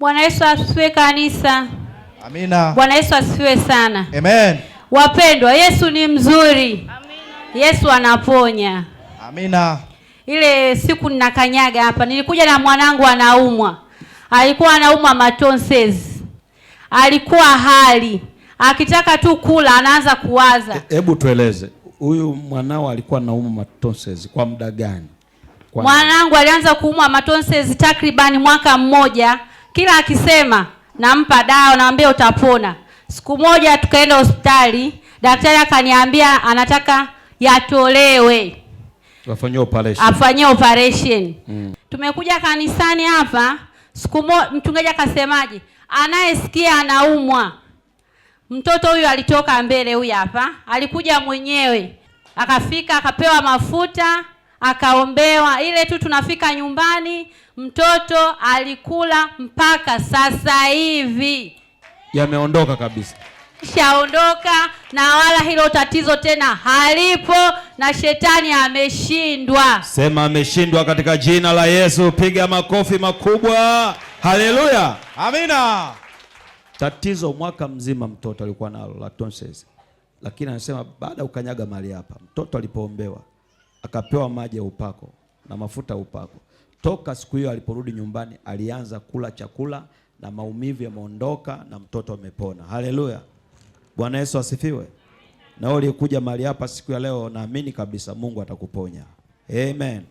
Bwana Yesu asifiwe kanisa. Amina. Bwana Yesu asifiwe sana. Amen. Wapendwa, Yesu ni mzuri. Amina. Yesu anaponya. Amina. Ile siku ninakanyaga hapa, nilikuja na mwanangu anaumwa, alikuwa anaumwa matonses. alikuwa hali akitaka tu kula anaanza kuwaza. E, hebu tueleze huyu mwanao alikuwa anaumwa matonses kwa muda gani? Kwa mwanangu alianza kuumwa matonses takribani mwaka mmoja kila akisema nampa dawa, naambia utapona. Siku moja tukaenda hospitali, daktari akaniambia anataka yatolewe afanyie operation, afanyie operation. Mm. Tumekuja kanisani hapa siku moja, mchungaji akasemaje, anayesikia anaumwa. Mtoto huyu alitoka mbele, huyu hapa alikuja mwenyewe, akafika akapewa mafuta akaombewa. Ile tu tunafika nyumbani, mtoto alikula mpaka sasa hivi yameondoka kabisa, shaondoka na wala hilo tatizo tena halipo, na shetani ameshindwa. Sema ameshindwa katika jina la Yesu. Piga makofi makubwa, haleluya, amina. Tatizo mwaka mzima mtoto alikuwa nalo la lakini anasema baada ukanyaga mali hapa, mtoto alipoombewa akapewa maji ya upako na mafuta ya upako. Toka siku hiyo aliporudi nyumbani, alianza kula chakula na maumivu yameondoka na mtoto amepona. Haleluya, Bwana Yesu asifiwe. Na wewe uliyekuja mahali hapa siku ya leo, naamini kabisa Mungu atakuponya. Amen.